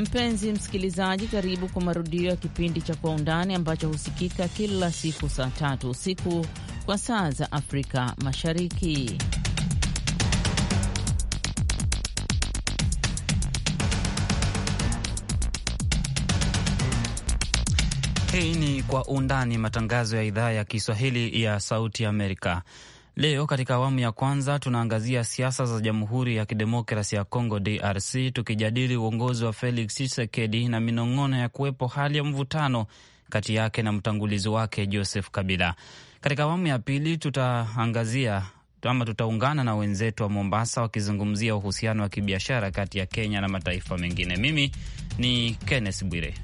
Mpenzi msikilizaji, karibu kwa marudio ya kipindi cha Kwa Undani ambacho husikika kila siku saa tatu usiku kwa saa za Afrika Mashariki. Hii ni Kwa Undani, matangazo ya idhaa ya Kiswahili ya Sauti Amerika. Leo katika awamu ya kwanza tunaangazia siasa za Jamhuri ya Kidemokrasi ya congo DRC, tukijadili uongozi wa Felix Tshisekedi na minong'ono ya kuwepo hali ya mvutano kati yake na mtangulizi wake Joseph Kabila. Katika awamu ya pili tutaangazia ama tutaungana na wenzetu wa Mombasa wakizungumzia uhusiano wa kibiashara kati ya Kenya na mataifa mengine. Mimi ni Kenneth Bwire.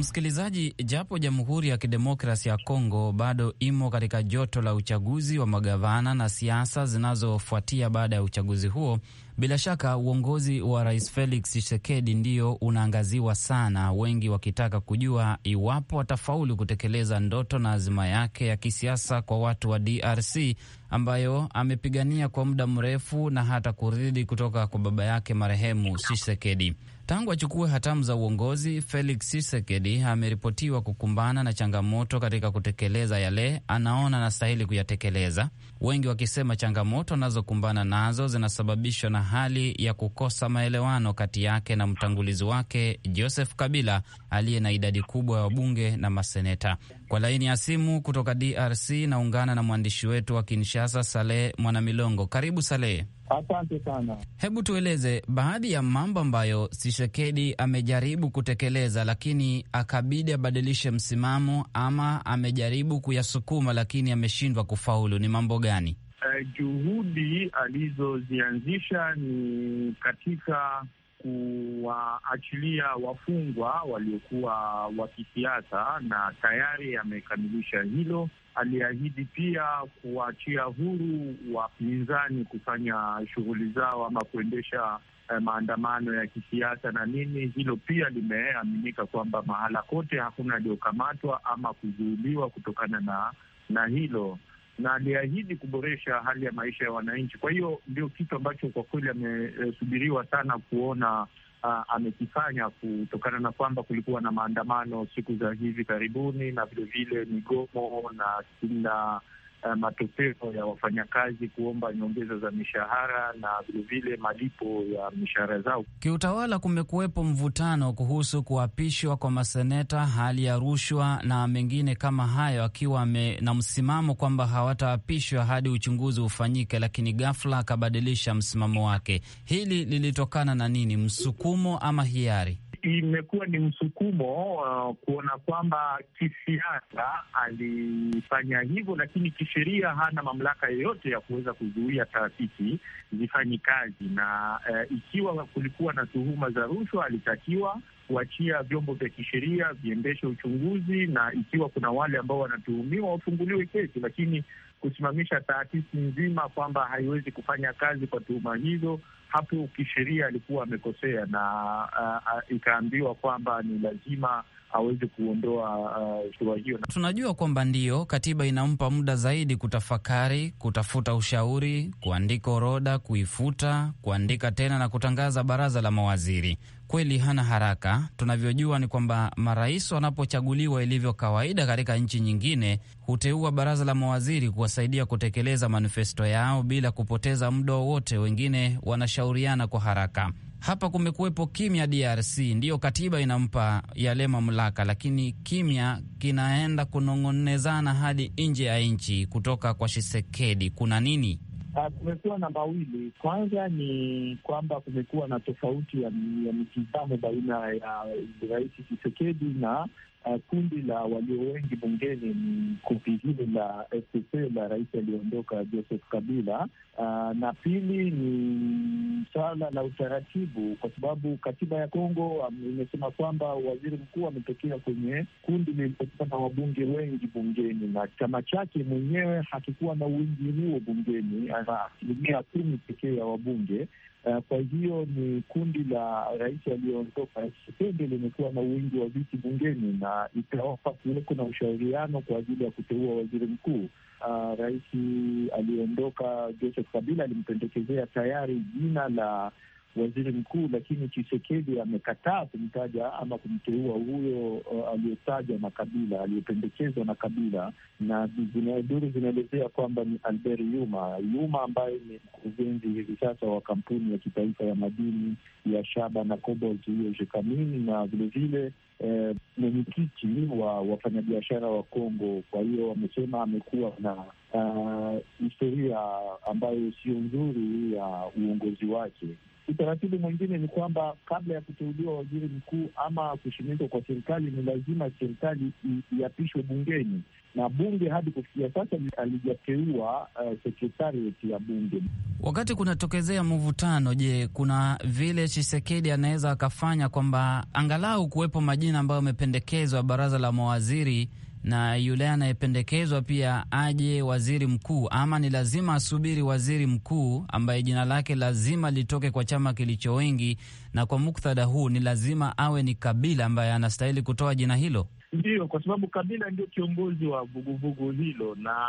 Msikilizaji, japo Jamhuri ya Kidemokrasi ya Kongo bado imo katika joto la uchaguzi wa magavana na siasa zinazofuatia baada ya uchaguzi huo, bila shaka uongozi wa Rais Felix Tshisekedi ndio unaangaziwa sana, wengi wakitaka kujua iwapo watafaulu kutekeleza ndoto na azima yake ya kisiasa kwa watu wa DRC ambayo amepigania kwa muda mrefu na hata kuridhi kutoka kwa baba yake marehemu Tshisekedi. Tangu achukue hatamu za uongozi, Felix Tshisekedi ameripotiwa kukumbana na changamoto katika kutekeleza yale anaona anastahili kuyatekeleza, wengi wakisema changamoto anazokumbana nazo zinasababishwa na hali ya kukosa maelewano kati yake na mtangulizi wake Joseph Kabila aliye na idadi kubwa ya wabunge na maseneta. Kwa laini ya simu kutoka DRC naungana na mwandishi wetu wa Kinshasa, Saleh Mwanamilongo. Karibu Saleh. Asante sana. Hebu tueleze baadhi ya mambo ambayo sishekedi amejaribu kutekeleza, lakini akabidi abadilishe msimamo, ama amejaribu kuyasukuma lakini ameshindwa kufaulu. Ni mambo gani? Uh, juhudi alizozianzisha ni katika kuwaachilia wafungwa waliokuwa wa kisiasa, na tayari amekamilisha hilo. Aliahidi pia kuwaachia huru wapinzani kufanya shughuli zao ama kuendesha eh, maandamano ya kisiasa na nini. Hilo pia limeaminika kwamba mahala kote hakuna aliyokamatwa ama kuzuiliwa kutokana na na hilo na aliahidi kuboresha hali ya maisha ya wananchi. Kwa hiyo ndio kitu ambacho kwa kweli amesubiriwa sana kuona uh, amekifanya, kutokana na kwamba kulikuwa na maandamano siku za hivi karibuni na vilevile migomo na kila uh, matokeo ya wafanyakazi kuomba nyongeza za mishahara na vilevile malipo ya mishahara zao. Kiutawala kumekuwepo mvutano kuhusu kuapishwa kwa maseneta, hali ya rushwa na mengine kama hayo, akiwa na msimamo kwamba hawataapishwa hadi uchunguzi ufanyike, lakini ghafla akabadilisha msimamo wake. Hili lilitokana na nini, msukumo ama hiari? imekuwa ni msukumo uh, kuona kwamba kisiasa alifanya hivyo, lakini kisheria hana mamlaka yoyote ya kuweza kuzuia taasisi zifanyi kazi. Na uh, ikiwa kulikuwa na tuhuma za rushwa, alitakiwa kuachia vyombo vya kisheria viendeshe uchunguzi, na ikiwa kuna wale ambao wanatuhumiwa wafunguliwe kesi, lakini kusimamisha taasisi nzima kwamba haiwezi kufanya kazi kwa tuhuma hizo hapo kisheria alikuwa amekosea, na uh, uh, ikaambiwa kwamba ni lazima aweze kuondoa shura uh, hiyo. Tunajua kwamba ndio katiba inampa muda zaidi kutafakari, kutafuta ushauri, kuandika orodha, kuifuta, kuandika tena na kutangaza baraza la mawaziri. Kweli hana haraka. Tunavyojua ni kwamba marais wanapochaguliwa, ilivyo kawaida katika nchi nyingine, huteua baraza la mawaziri kuwasaidia kutekeleza manifesto yao bila kupoteza muda wowote. Wengine wanashauriana kwa haraka hapa kumekuwepo kimya DRC, ndiyo katiba inampa yale mamlaka, lakini kimya kinaenda kunong'onezana hadi nje ya nchi. Kutoka kwa Shisekedi kuna nini? Ah, kumekuwa na mawili. Kwanza ni kwamba kumekuwa na tofauti ya, ya mitizamo baina ya rais Chisekedi na uh, kundi la walio wengi bungeni ni kundi hili la FCC la rais aliyoondoka Joseph Kabila. Uh, na pili ni swala la utaratibu, kwa sababu katiba ya Kongo um, imesema kwamba waziri mkuu ametokea kwenye kundi lililokuwa na wabunge wengi bungeni, na chama chake mwenyewe hakikuwa na wingi huo bungeni, ana ah, asilimia kumi pekee ya wabunge Uh, kwa hiyo ni kundi la rais aliyoondoka Tshisekedi limekuwa na wingi wa viti bungeni na itawapa kuweko na ushauriano kwa ajili ya kuteua waziri mkuu. Uh, rais aliyeondoka Joseph Kabila alimpendekezea tayari jina la waziri mkuu, lakini Chisekedi amekataa kumtaja ama kumteua huyo uh, aliyotajwa na Kabila, aliyopendekezwa na Kabila, na duru zinaelezea kwamba ni Albert Yuma Yuma ambaye ni mkurugenzi hivi sasa wa kampuni ya kitaifa ya madini ya shaba na cobalt hiyo Jekamini, na vilevile eh, mwenyekiti eh, wa wafanyabiashara wa Kongo. Kwa hiyo wamesema amekuwa na Uh, historia uh, ambayo sio nzuri ya uh, uongozi wake. Utaratibu mwingine ni kwamba kabla ya kuteuliwa waziri mkuu ama kushimikwa kwa serikali, ni lazima serikali iapishwe bungeni, na bunge hadi kufikia sasa alijateua uh, sekretarieti ya bunge. Wakati kunatokezea mvutano, je, kuna vile Chisekedi anaweza akafanya kwamba angalau kuwepo majina ambayo yamependekezwa baraza la mawaziri na yule anayependekezwa pia aje waziri mkuu, ama ni lazima asubiri waziri mkuu ambaye jina lake lazima litoke kwa chama kilicho wengi, na kwa muktadha huu ni lazima awe ni Kabila ambaye anastahili kutoa jina hilo? Ndiyo, kwa sababu Kabila ndio kiongozi wa vuguvugu hilo, na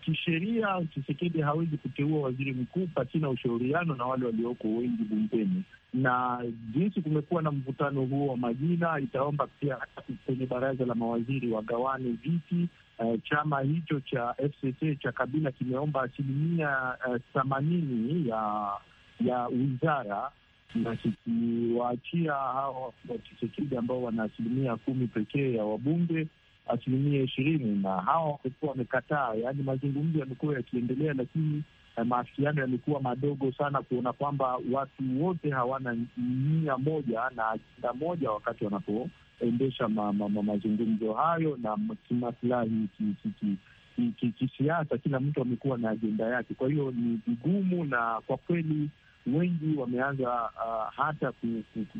kisheria Chisekedi hawezi kuteua waziri mkuu pasina ushauriano na wale walioko wengi bungeni, na jinsi kumekuwa na mvutano huo wa majina, itaomba pia kwenye baraza la mawaziri wagawane viti. Uh, chama hicho cha FCC cha Kabila kimeomba asilimia eh, themanini uh, ya ya wizara na tukiwaachia hawa wa Chisekedi ambao wana asilimia kumi pekee ya wabunge, asilimia ishirini na hawa wamekuwa wamekataa. Yaani mazungumzo yamekuwa yakiendelea, lakini eh, maafikiano yamekuwa madogo sana, kuona kwamba watu wote hawana nia moja na ajenda moja wakati wanapoendesha ma, ma, ma, mazungumzo hayo na kimaslahi kisiasa, kila mtu amekuwa na ajenda yake. Kwa hiyo ni vigumu na kwa kweli wengi wameanza uh, hata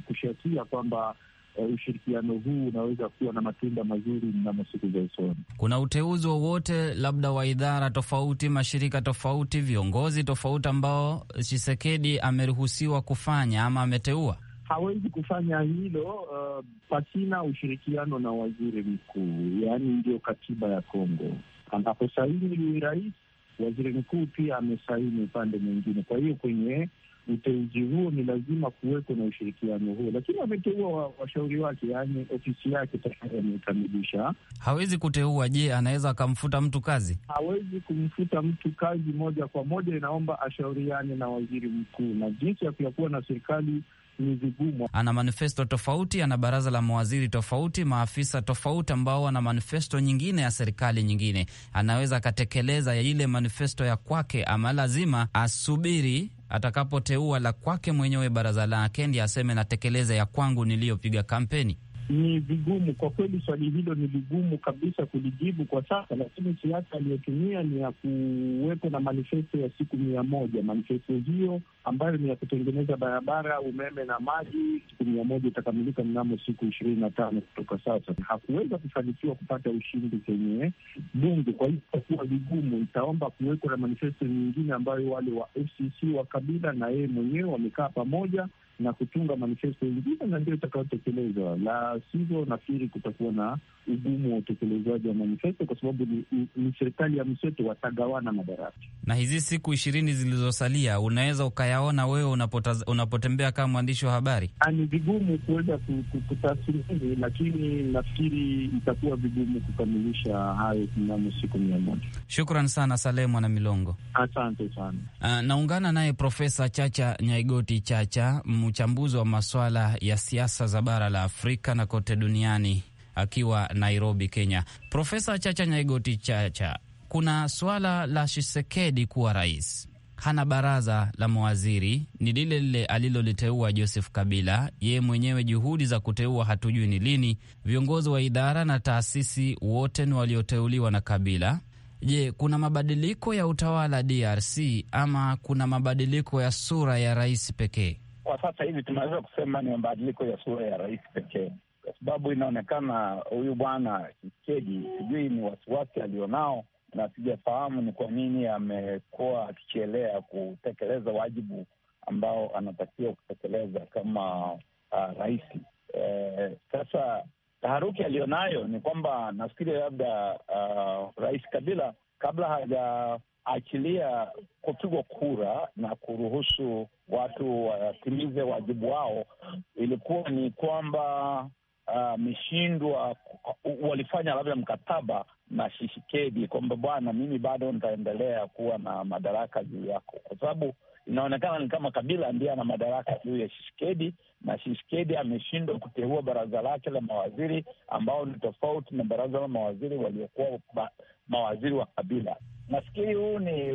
kushakia kwamba uh, ushirikiano huu unaweza kuwa na matunda mazuri mnamo siku za usoni. Kuna uteuzi wowote labda wa idara tofauti, mashirika tofauti, viongozi tofauti ambao chisekedi ameruhusiwa kufanya ama ameteua? Hawezi kufanya hilo uh, pasina ushirikiano na waziri mkuu, yaani ndio katiba ya Kongo anaposaini rais, waziri mkuu pia amesaini upande mwingine. Kwa hiyo kwenye uteuzi huo ni lazima kuwekwe na ushirikiano huo, lakini ameteua washauri wa wake, yaani ofisi yake tayari amekamilisha. Hawezi kuteua. Je, anaweza akamfuta mtu kazi? Hawezi kumfuta mtu kazi moja kwa moja, inaomba ashauriane na waziri mkuu, na jinsi ya kuyakuwa na serikali ni vigumu. Ana manifesto tofauti, ana baraza la mawaziri tofauti, maafisa tofauti ambao wana manifesto nyingine ya serikali nyingine. Anaweza akatekeleza ile manifesto ya kwake, ama lazima asubiri atakapoteua la kwake mwenyewe baraza lake, ndiye aseme natekeleza ya kwangu niliyopiga kampeni. Ni vigumu kwa kweli, swali hilo ni vigumu kabisa kulijibu kwa sasa, lakini siasa aliyotumia ni ya kuwepo na manifesto ya siku mia moja. Manifesto hiyo ambayo ni ya kutengeneza barabara, umeme na maji siku mia moja itakamilika mnamo siku ishirini na tano kutoka sasa. Hakuweza kufanikiwa kupata ushindi kwenye bunge, kwa hiyo itakuwa vigumu. Itaomba kuwekwa na manifesto nyingine ambayo wale wa FCC wa Kabila na yeye mwenyewe wamekaa pamoja na kutunga manifesto ingine, na ndio itakayotekelezwa. La sivyo, nafikiri kutakuwa na ugumu wa utekelezaji wa manifesto, kwa sababu ni, ni, ni serikali ya mseto, watagawana madaraka. Na hizi siku ishirini zilizosalia unaweza ukayaona wewe unapotembea kama mwandishi wa habari? Ah, ni vigumu kuweza kutathmini, lakini nafikiri itakuwa vigumu kukamilisha hayo mnamo siku mia moja. Shukran sana Saleh Mwana Milongo, asante sana. Uh, naungana naye Profesa Chacha Nyaigoti Chacha Mw mchambuzi wa masuala ya siasa za bara la Afrika na kote duniani akiwa Nairobi, Kenya. Profesa Chacha Nyaigoti Chacha, kuna suala la Shisekedi kuwa rais hana baraza la mawaziri, ni lile lile aliloliteua Joseph Kabila. Yeye mwenyewe juhudi za kuteua hatujui ni lini. Viongozi wa idara na taasisi wote ni walioteuliwa na Kabila. Je, kuna mabadiliko ya utawala DRC ama kuna mabadiliko ya sura ya rais pekee? kwa sasa hivi tunaweza kusema ni mabadiliko ya sura ya rais pekee, kwa sababu inaonekana huyu bwana Tshisekedi, sijui ni wasiwasi alionao, na sijafahamu ni kwa nini amekuwa akichelea kutekeleza wajibu ambao anatakiwa kutekeleza kama uh, rais. E, sasa taharuki aliyonayo ni kwamba nafikiri labda uh, rais Kabila kabla haja achilia kupigwa kura na kuruhusu watu watimize uh, wajibu wao, ilikuwa ni kwamba uh, mishindwa walifanya labda mkataba na shishikedi kwamba bwana, mimi bado nitaendelea kuwa na madaraka juu yako, kwa sababu inaonekana ni kama Kabila ndiye ana madaraka juu ya shishikedi na shishikedi ameshindwa kuteua baraza lake la mawaziri ambao ni tofauti na baraza la mawaziri waliokuwa mawaziri wa Kabila. Nafikiri huu ni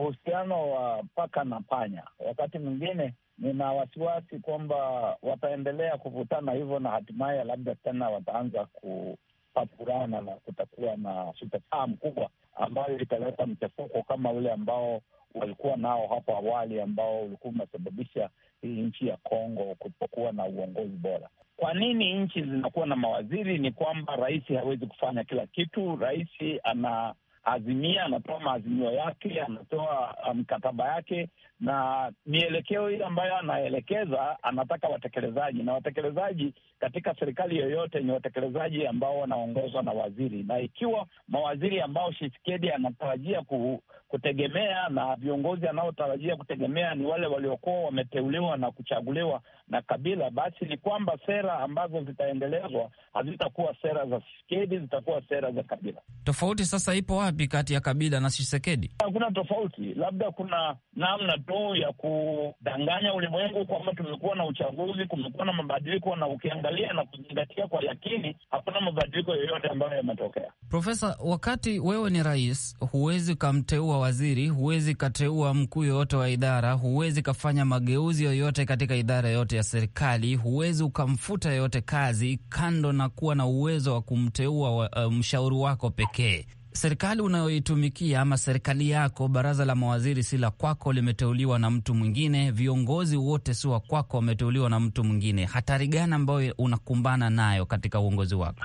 uhusiano wa paka na panya. Wakati mwingine nina wasiwasi kwamba wataendelea kuvutana hivyo, na hatimaye labda tena wataanza ku papurana na kutakuwa na sintofahamu mkubwa ambayo italeta mchafuko kama ule ambao walikuwa nao hapo awali ambao ulikuwa umesababisha hii nchi ya Kongo kutokuwa na uongozi bora. Kwa nini nchi zinakuwa na mawaziri? Ni kwamba rais hawezi kufanya kila kitu. Rais ana azimia anatoa maazimio yake, anatoa um, mkataba um, yake, na mielekeo hiyo ambayo anaelekeza, anataka watekelezaji, na watekelezaji katika serikali yoyote ni watekelezaji ambao wanaongozwa na waziri, na ikiwa mawaziri ambao Tshisekedi anatarajia ku, kutegemea na viongozi anaotarajia kutegemea ni wale waliokuwa wameteuliwa na kuchaguliwa na Kabila, basi ni kwamba sera ambazo zitaendelezwa hazitakuwa sera za Tshisekedi, zitakuwa sera za Kabila. Tofauti sasa ipo wapi kati ya Kabila na Tshisekedi? Hakuna tofauti, labda kuna namna tu ya kudanganya ulimwengu kwamba tumekuwa na uchaguzi, kumekuwa na mabadiliko, na ukiangalia na kuzingatia kwa yakini, hakuna mabadiliko yoyote ambayo yametokea. Profesa, wakati wewe ni rais, huwezi ukamteua waziri, huwezi kateua mkuu yoyote wa idara, huwezi kafanya mageuzi yoyote katika idara yoyote ya serikali, huwezi ukamfuta yoyote kazi, kando na kuwa na uwezo wa kumteua wa, uh, mshauri wako pekee serikali unayoitumikia ama serikali yako, baraza la mawaziri si la kwako, limeteuliwa na mtu mwingine. Viongozi wote si wa kwako, wameteuliwa na mtu mwingine. Hatari gani ambayo unakumbana nayo katika uongozi wako?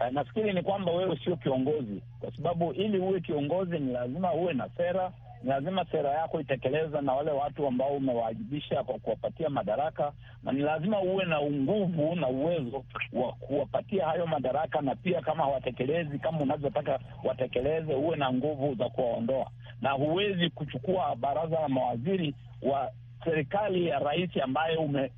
Eh, nafikiri ni kwamba wewe sio kiongozi, kwa sababu ili uwe kiongozi ni lazima uwe na sera ni lazima sera yako itekeleza na wale watu ambao umewaajibisha kwa kuwapatia madaraka, na ni lazima uwe na nguvu na uwezo wa kuwapatia hayo madaraka, na pia kama hawatekelezi kama unavyotaka watekeleze, uwe na nguvu za kuwaondoa, na huwezi kuchukua baraza la mawaziri wa serikali ya rais ambaye ume,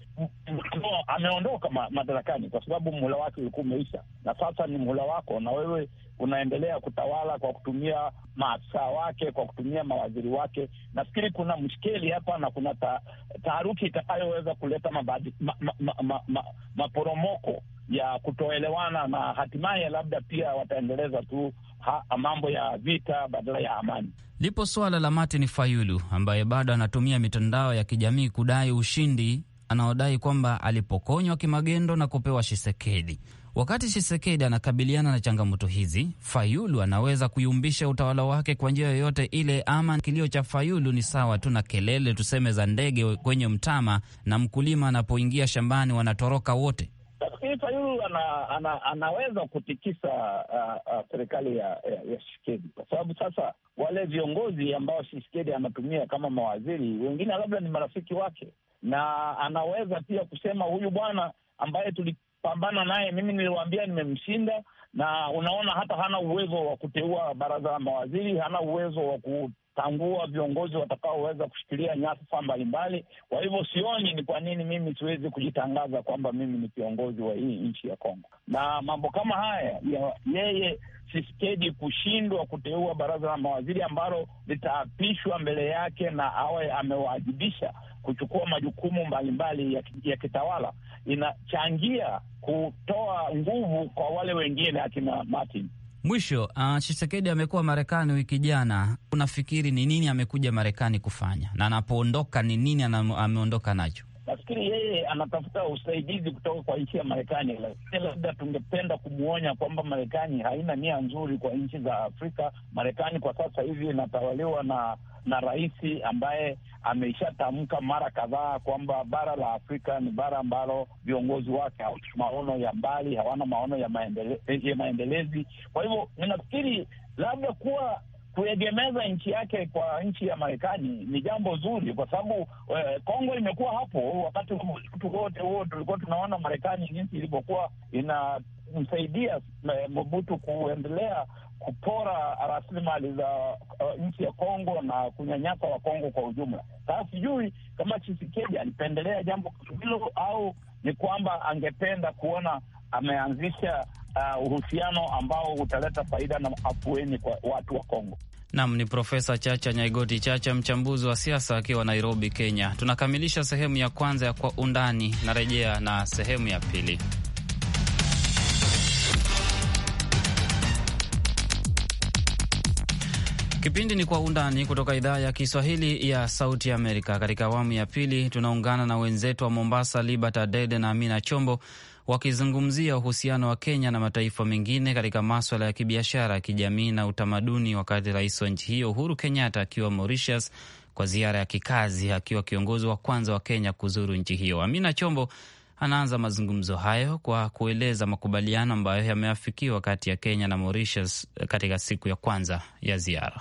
ameondoka madarakani kwa sababu muhula wake ulikuwa umeisha, na sasa ni muhula wako, na wewe unaendelea kutawala kwa kutumia maafisa wake, kwa kutumia mawaziri wake. Nafikiri kuna mshkeli hapa na kuna ta, taharuki itakayoweza kuleta mabadi, ma, ma, ma, ma, ma, maporomoko ya kutoelewana na hatimaye labda pia wataendeleza tu ha, mambo ya vita badala ya amani. Lipo suala la Martin Fayulu ambaye bado anatumia mitandao ya kijamii kudai ushindi anaodai kwamba alipokonywa kimagendo na kupewa Shisekedi. Wakati shisekedi anakabiliana na changamoto hizi, Fayulu anaweza kuyumbisha utawala wake kwa njia yoyote ile. Ama kilio cha Fayulu ni sawa tu na kelele tuseme za ndege kwenye mtama, na mkulima anapoingia shambani wanatoroka wote. Nafikiri Fayulu ana, ana, anaweza kutikisa uh, uh, serikali ya, ya, ya Shisekedi kwa sababu sasa wale viongozi ambao shisekedi anatumia kama mawaziri, wengine labda ni marafiki wake, na anaweza pia kusema huyu bwana ambaye tuli pambana naye. Mimi niliwaambia nimemshinda, na unaona hata hana uwezo wa kuteua baraza la mawaziri, hana uwezo wa ku kutangua viongozi watakaoweza kushikilia nyadhifa mbalimbali. Kwa hivyo sioni ni kwa nini mimi siwezi kujitangaza kwamba mimi ni kiongozi wa hii nchi ya Kongo, na mambo kama haya ya yeye siskedi kushindwa kuteua baraza la mawaziri ambalo litaapishwa mbele yake na awe amewaajibisha kuchukua majukumu mbalimbali ya, ya kitawala, inachangia kutoa nguvu kwa wale wengine akina Martin Mwisho, uh, ah, Chisekedi amekuwa Marekani wiki jana. Unafikiri ni nini amekuja Marekani kufanya, na anapoondoka ni nini ameondoka nacho? Nafikiri yeye anatafuta usaidizi kutoka kwa nchi ya Marekani, lakini labda tungependa kumwonya kwamba Marekani haina nia nzuri kwa nchi za Afrika. Marekani kwa sasa hivi inatawaliwa na na rais ambaye ameishatamka mara kadhaa kwamba bara la Afrika ni bara ambalo viongozi wake hawana maono ya mbali, hawana maono ya, maendele, ya maendelezi. Kwa hivyo ninafikiri labda kuwa kuegemeza nchi yake kwa nchi ya Marekani ni jambo zuri, kwa sababu eh, Kongo imekuwa hapo wakati wetu wote huo tulikuwa tunaona Marekani jinsi ilivyokuwa ina kumsaidia eh, Mobutu kuendelea kupora rasilimali za uh, nchi ya Kongo na kunyanyasa wa Kongo kwa ujumla. Sasa sijui kama Chisekedi alipendelea jambo hilo au ni kwamba angependa kuona ameanzisha uh, uhusiano ambao utaleta faida na afueni kwa watu wa Kongo. Nam ni Profesa Chacha Nyaigoti Chacha, mchambuzi wa siasa akiwa Nairobi, Kenya. Tunakamilisha sehemu ya kwanza ya Kwa Undani, narejea na sehemu ya pili. Kipindi ni Kwa Undani kutoka idhaa ya Kiswahili ya Sauti ya Amerika. Katika awamu ya pili, tunaungana na wenzetu wa Mombasa, Libert Dede na Amina Chombo wakizungumzia uhusiano wa Kenya na mataifa mengine katika maswala ya kibiashara, kijamii na utamaduni, wakati rais wa nchi hiyo Uhuru Kenyatta akiwa Mauritius kwa ziara ya kikazi, akiwa kiongozi wa kwanza wa Kenya kuzuru nchi hiyo. Amina Chombo anaanza mazungumzo hayo kwa kueleza makubaliano ambayo yameafikiwa kati ya Kenya na Mauritius eh, katika siku ya kwanza ya ziara.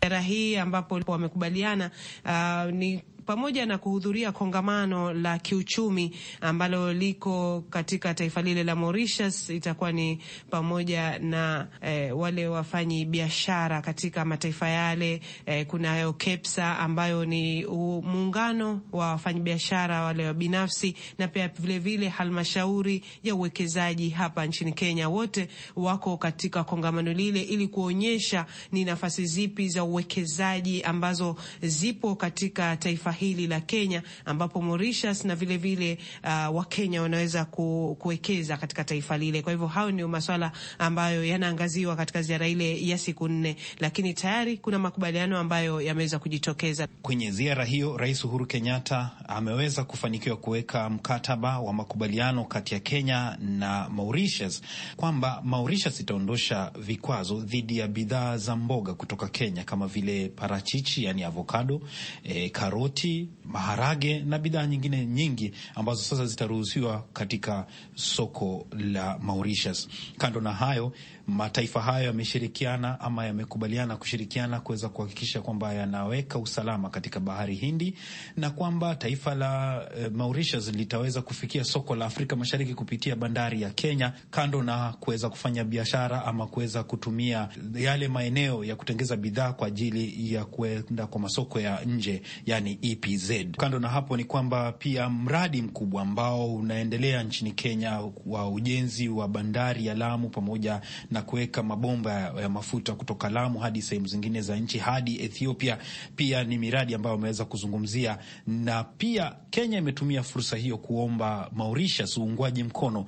Ziara hii ambapo wamekubaliana uh, ni pamoja na kuhudhuria kongamano la kiuchumi ambalo liko katika taifa lile la Mauritius. Itakuwa ni pamoja na eh, wale wafanyi biashara katika mataifa yale. Eh, kunayo KEPSA ambayo ni muungano wa biashara wale wa binafsi, na pia vilevile halmashauri ya uwekezaji hapa nchini Kenya. Wote wako katika kongamano lile ili kuonyesha ni nafasi zipi za uwekezaji ambazo zipo katika taifa hili la Kenya, ambapo Mauritius na vilevile uh, Wakenya wanaweza ku, kuwekeza katika taifa lile. Kwa hivyo hayo ndio maswala ambayo yanaangaziwa katika ziara ile ya siku nne, lakini tayari kuna makubaliano ambayo yameweza kujitokeza kwenye ziara hiyo. Rais Uhuru Kenyatta ameweza kufanikiwa kuweka mkataba wa makubaliano kati ya Kenya na Mauritius kwamba Mauritius itaondosha vikwazo dhidi ya bidhaa za mboga kutoka Kenya kama vile parachichi, yani avocado, e, karoti chapati, maharage na bidhaa nyingine nyingi ambazo sasa zitaruhusiwa katika soko la Mauritius. Kando na hayo mataifa hayo yameshirikiana ama yamekubaliana kushirikiana kuweza kuhakikisha kwamba yanaweka usalama katika bahari Hindi na kwamba taifa la eh, Mauritius litaweza kufikia soko la Afrika Mashariki kupitia bandari ya Kenya, kando na kuweza kufanya biashara ama kuweza kutumia yale maeneo ya kutengeza bidhaa kwa ajili ya kuenda kwa masoko ya nje, yani EPZ. Kando na hapo, ni kwamba pia mradi mkubwa ambao unaendelea nchini Kenya wa ujenzi wa bandari ya Lamu pamoja na na kuweka mabomba ya mafuta kutoka Lamu hadi sehemu zingine za nchi hadi Ethiopia. Pia ni miradi ambayo wameweza kuzungumzia, na pia Kenya imetumia fursa hiyo kuomba Mauritius uungwaji mkono,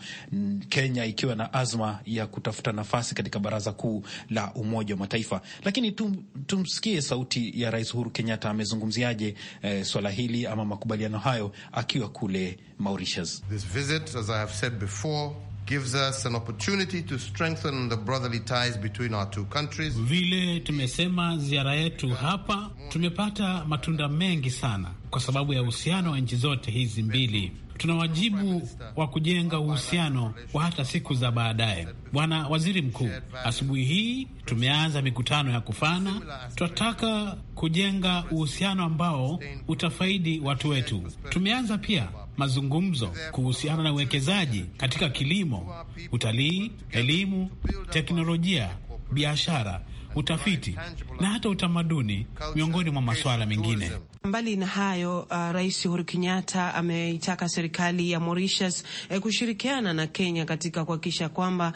Kenya ikiwa na azma ya kutafuta nafasi katika baraza kuu la Umoja wa Mataifa. Lakini tum, tumsikie sauti ya Rais Uhuru Kenyatta amezungumziaje eh, swala hili ama makubaliano hayo akiwa kule Mauritius. This visit, as I have said before, gives us an opportunity to strengthen the brotherly ties between our two countries. Vile tumesema ziara yetu hapa, tumepata matunda mengi sana kwa sababu ya uhusiano wa nchi zote hizi mbili. Tuna wajibu wa kujenga uhusiano wa hata siku za baadaye. Bwana Waziri Mkuu, asubuhi hii tumeanza mikutano ya kufana. Tunataka kujenga uhusiano ambao utafaidi watu wetu. Tumeanza pia mazungumzo kuhusiana na uwekezaji katika kilimo, utalii, elimu, teknolojia, biashara, utafiti na hata utamaduni miongoni mwa masuala mengine. Mbali na hayo, uh, Rais Uhuru Kenyatta ameitaka serikali ya Mauritius eh, kushirikiana na Kenya katika kuhakikisha kwamba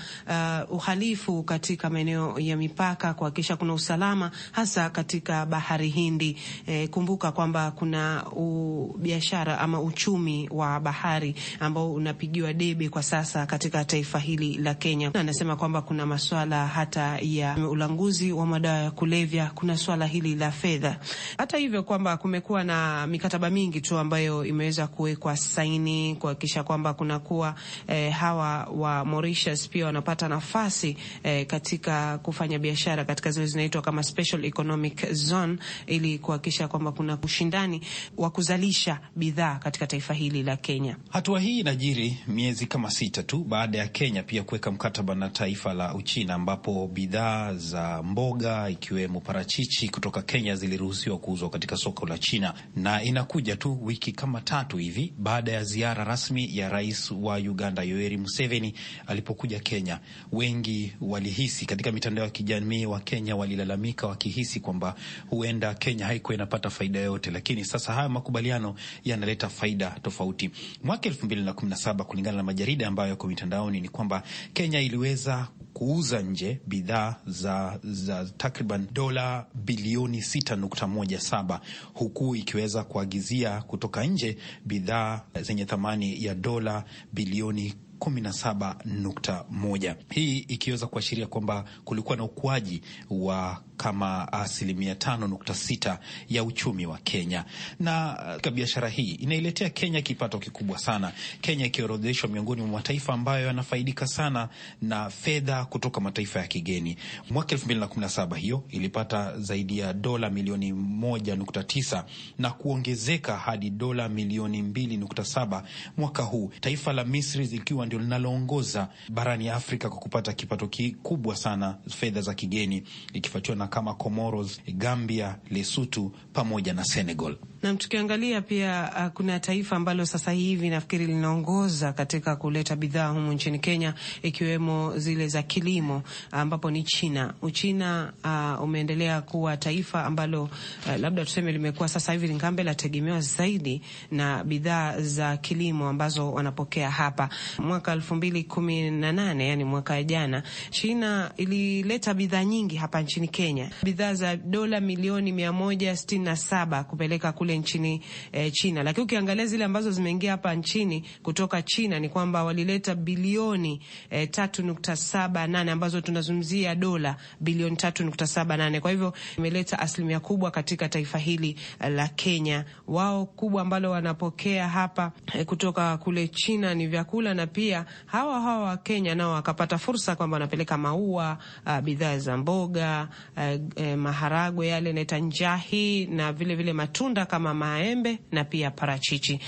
uh, uhalifu katika maeneo ya mipaka, kuhakikisha kuna usalama hasa katika bahari Hindi. Eh, kumbuka kwamba kuna biashara ama uchumi wa bahari ambao unapigiwa debe kwa sasa katika taifa hili la Kenya. Anasema kwamba kuna masuala hata ya ulanguzi wa madawa ya kulevya, kuna swala hili la fedha. Hata hivyo kwamba kumekuwa na mikataba mingi tu ambayo imeweza kuwekwa saini kuhakikisha kwamba kunakuwa eh, hawa wa Mauritius pia wanapata nafasi eh, katika kufanya biashara katika zile zinaitwa kama special economic zone, ili kuhakikisha kwamba kuna ushindani wa kuzalisha bidhaa katika taifa hili la Kenya. Hatua hii inajiri miezi kama sita tu baada ya Kenya pia kuweka mkataba na taifa la Uchina ambapo bidhaa za mboga ikiwemo parachichi kutoka Kenya ziliruhusiwa kuuzwa katika soko la China, na inakuja tu wiki kama tatu hivi baada ya ziara rasmi ya rais wa Uganda Yoweri Museveni alipokuja Kenya. Wengi walihisi katika mitandao ya kijamii, wa Kenya walilalamika wakihisi kwamba huenda Kenya haikuwa inapata faida yoyote, lakini sasa haya makubaliano yanaleta faida tofauti. Mwaka elfu mbili na kumi na saba kulingana na majarida ambayo yako mitandaoni ni kwamba Kenya iliweza kuuza nje bidhaa za, za takriban dola bilioni saba huku huku ikiweza kuagizia kutoka nje bidhaa zenye thamani ya dola bilioni 17.1, hii ikiweza kuashiria kwamba kulikuwa na ukuaji wa kama asilimia 5.6 ya uchumi wa Kenya, na uh, biashara hii inailetea Kenya kipato kikubwa sana, Kenya ikiorodheshwa miongoni mwa mataifa ambayo yanafaidika sana na fedha kutoka mataifa ya kigeni. Mwaka elfu mbili na na kumi saba hiyo ilipata zaidi ya dola milioni moja nukta tisa na kuongezeka hadi dola milioni mbili nukta saba mwaka huu, taifa la Misri zikiwa ndio linaloongoza barani Afrika kwa kupata kipato kikubwa sana fedha za kigeni, ikifuatiwa na kama Comoros, Gambia, Lesotho pamoja na Senegal. Nam, tukiangalia pia uh, kuna taifa ambalo sasa hivi nafikiri linaongoza katika kuleta bidhaa humu nchini Kenya ikiwemo zile za kilimo ambapo ni China. Uchina uh, umeendelea kuwa taifa ambalo uh, labda tuseme limekuwa sasa hivi lingambe la tegemewa zaidi na bidhaa za kilimo ambazo wanapokea hapa. Mwaka elfu mbili kumi na nane yani mwaka jana, China ilileta bidhaa nyingi hapa nchini Kenya, bidhaa za dola milioni mia moja sitini na saba kupeleka kule kule nchini eh, China. Lakini ukiangalia zile ambazo zimeingia hapa nchini kutoka China ni kwamba walileta bilioni eh, 3.78 ambazo tunazungumzia dola bilioni 3.78. Kwa hivyo imeleta asilimia kubwa katika taifa hili eh, la Kenya. Wao kubwa ambalo wanapokea hapa eh, kutoka kule China ni vyakula na pia hawa hawa wa Kenya nao wakapata fursa kwamba wanapeleka maua, uh, bidhaa za mboga, uh, eh, maharagwe yale naita njahi na vile vile matunda kama kama maembe na pia parachichi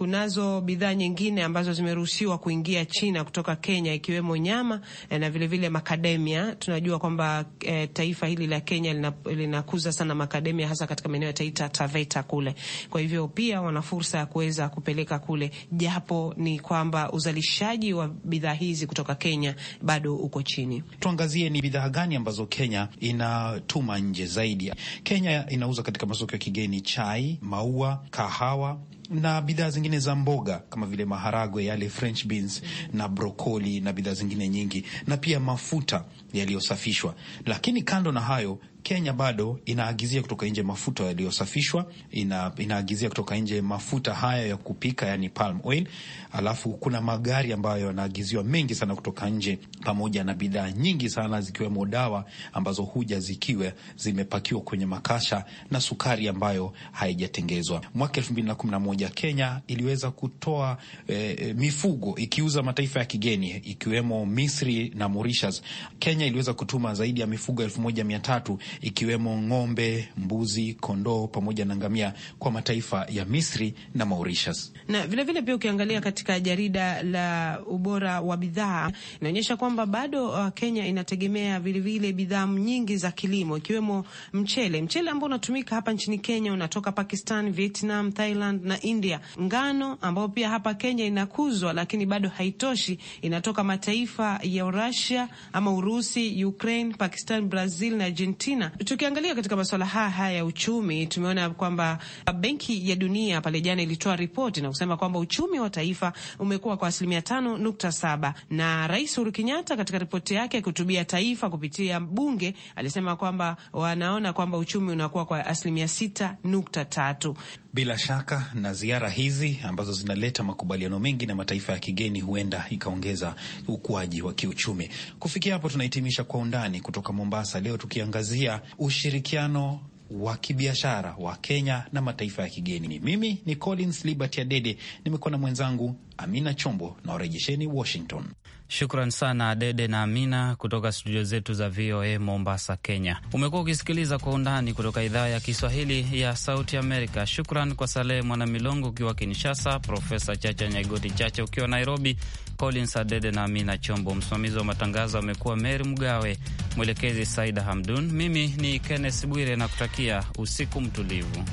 kunazo bidhaa nyingine ambazo zimeruhusiwa kuingia China kutoka Kenya ikiwemo nyama eh, na vilevile vile makademia. Tunajua kwamba eh, taifa hili la Kenya linakuza sana makademia hasa katika maeneo ya Taita Taveta kule. Kwa hivyo pia wana fursa ya kuweza kupeleka kule, japo ni kwamba uzalishaji wa bidhaa hizi kutoka Kenya bado uko chini. Tuangazie ni bidhaa gani ambazo Kenya inatuma nje zaidi. Kenya inauza katika masoko ya kigeni chai, maua, kahawa na bidhaa zingine za mboga kama vile maharagwe yale french beans na brokoli na bidhaa zingine nyingi, na pia mafuta yaliyosafishwa. Lakini kando na hayo Kenya bado inaagizia kutoka nje mafuta yaliyosafishwa, ina, inaagizia kutoka nje mafuta haya ya kupika, yani palm oil. Alafu kuna magari ambayo yanaagiziwa mengi sana kutoka nje, pamoja na bidhaa nyingi sana zikiwemo dawa ambazo huja zikiwa zimepakiwa kwenye makasha na sukari ambayo haijatengezwa. Mwaka elfu mbili na kumi na moja Kenya iliweza kutoa eh, eh mifugo ikiuza mataifa ya kigeni ikiwemo Misri na Mauritius. Kenya iliweza kutuma zaidi ya mifugo elfu moja mia tatu ikiwemo ng'ombe, mbuzi, kondoo pamoja na ngamia kwa mataifa ya Misri na Mauritius. Na vilevile pia ukiangalia katika jarida la ubora wa bidhaa inaonyesha kwamba bado uh, Kenya inategemea vilevile bidhaa nyingi za kilimo ikiwemo mchele, mchele ambao unatumika hapa nchini Kenya unatoka Pakistan, Vietnam, Thailand na India. Ngano ambao pia hapa Kenya inakuzwa lakini bado haitoshi, inatoka mataifa ya Russia ama Urusi, Ukraine, Pakistan, Brazil na Argentina tena. Tukiangalia katika masuala haya haya ya uchumi, tumeona kwamba Benki ya Dunia pale jana ilitoa ripoti na kusema kwamba uchumi wa taifa umekuwa kwa asilimia tano nukta saba na Rais Uhuru Kenyatta katika ripoti yake akihutubia taifa kupitia bunge alisema kwamba wanaona kwamba uchumi unakuwa kwa asilimia sita nukta tatu. Bila shaka na ziara hizi ambazo zinaleta makubaliano mengi na mataifa ya kigeni huenda ikaongeza ukuaji wa kiuchumi. Kufikia hapo, tunahitimisha Kwa Undani kutoka Mombasa leo tukiangazia kupitia ushirikiano wa kibiashara wa Kenya na mataifa ya kigeni. Mimi ni Collins Liberty Adede, nimekuwa na mwenzangu Amina Chombo na warejesheni Washington. Shukran sana Dede na Amina kutoka studio zetu za VOA Mombasa, Kenya. Umekuwa ukisikiliza Kwa Undani kutoka idhaa ya Kiswahili ya Sauti Amerika. Shukran kwa Salehe Mwana Milongo ukiwa Kinshasa, Profesa Chacha Nyagoti Chacha ukiwa Nairobi, Collins Adede na Amina Chombo. Msimamizi wa matangazo amekuwa Meri Mgawe, mwelekezi Saida Hamdun. Mimi ni Kenneth Bwire na kutakia usiku mtulivu.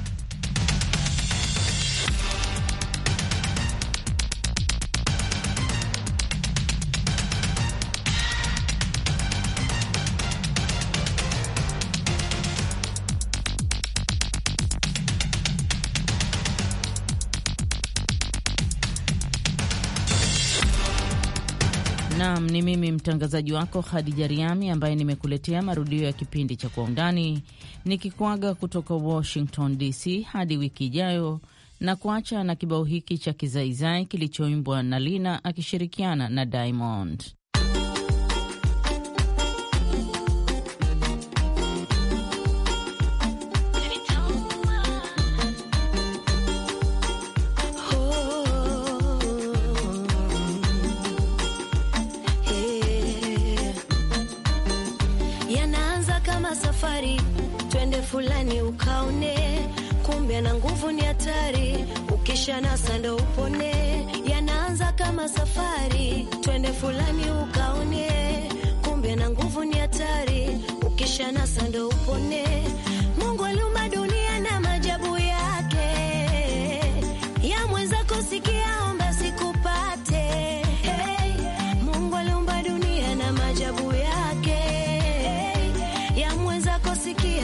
mtangazaji wako Khadija Riami, ambaye nimekuletea marudio ya kipindi cha Kwa Undani, nikikwaga kutoka Washington DC hadi wiki ijayo, na kuacha na kibao hiki cha kizaizai kilichoimbwa na Lina akishirikiana na Diamond. fulani ukaone, kumbe ana nguvu, ni hatari, ukisha nasa ndo upone. Yanaanza kama safari, twende fulani ukaone, kumbe ana nguvu, ni hatari, ukisha nasa ndo upone. Mungu aliumba dunia na majabu yake, ya mweza kusikia omba sikupate. Hey, Mungu aliumba dunia na majabu yake, hey, ya mweza kusikia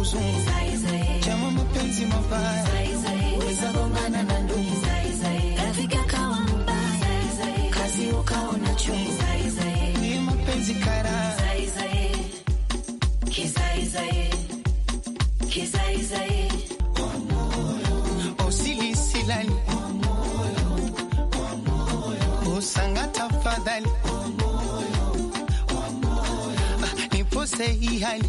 uzungu, chama mapenzi mabaya, weza gongana na ndugu, rafiki akawa mbaya, kazi ukaona chungu, ni mapenzi kara osilisilan usanga nipose hii hali